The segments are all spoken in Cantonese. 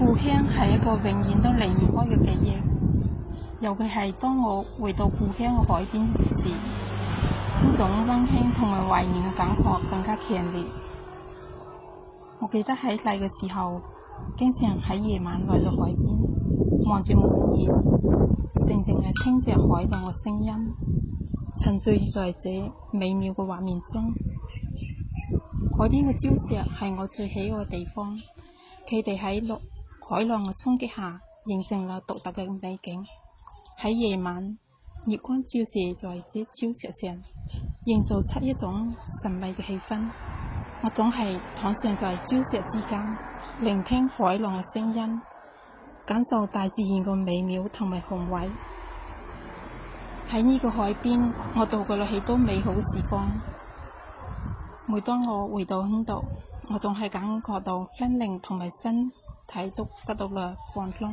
故鄉係一個永遠都離唔開嘅記憶，尤其係當我回到故鄉嘅海邊時，呢種溫馨同埋懷念嘅感覺更加強烈。我記得喺細嘅時候，經常喺夜晚嚟到海邊，望住滿月，靜靜係聽着海浪嘅聲音，沉醉在這美妙嘅畫面中。海邊嘅礁石係我最喜愛嘅地方，佢哋喺六。海浪嘅衝擊下，形成了獨特嘅美景。喺夜晚，月光照射在這礁石上，營造出一種神秘嘅氣氛。我總係躺上在礁石之間，聆聽海浪嘅聲音，感受大自然嘅美妙同埋宏偉。喺呢個海邊，我度過了許多美好時光。每當我回到呢度，我總係感覺到心靈同埋身。睇都得到了放鬆，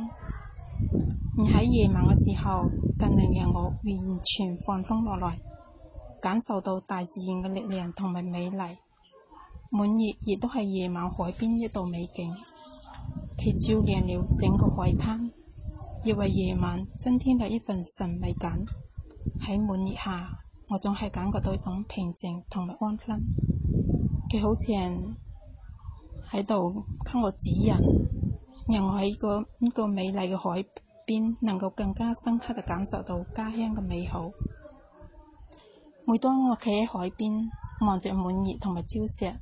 而喺夜晚嘅時候，更能讓我完全放鬆落來，感受到大自然嘅力量同埋美麗。滿月亦都係夜晚海邊一道美景，佢照亮了整個海灘，亦為夜晚增添咗一份神秘感。喺滿月下，我總係感覺到一種平靜同埋安心。佢好似喺度給我指引。讓我喺個呢個美麗嘅海邊，能夠更加深刻地感受到家鄉嘅美好。每當我企喺海邊，望着滿月同埋礁石，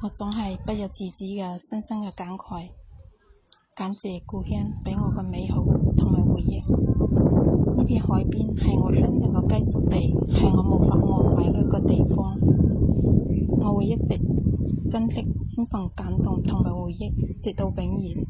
我總係不由自主嘅深深嘅感慨，感謝故鄉俾我嘅美好同埋回憶。呢片海邊係我心靈嘅歸屬地，係我無法忘懷嘅一個地方。我會一直珍惜呢份感動同埋回憶，直到永遠。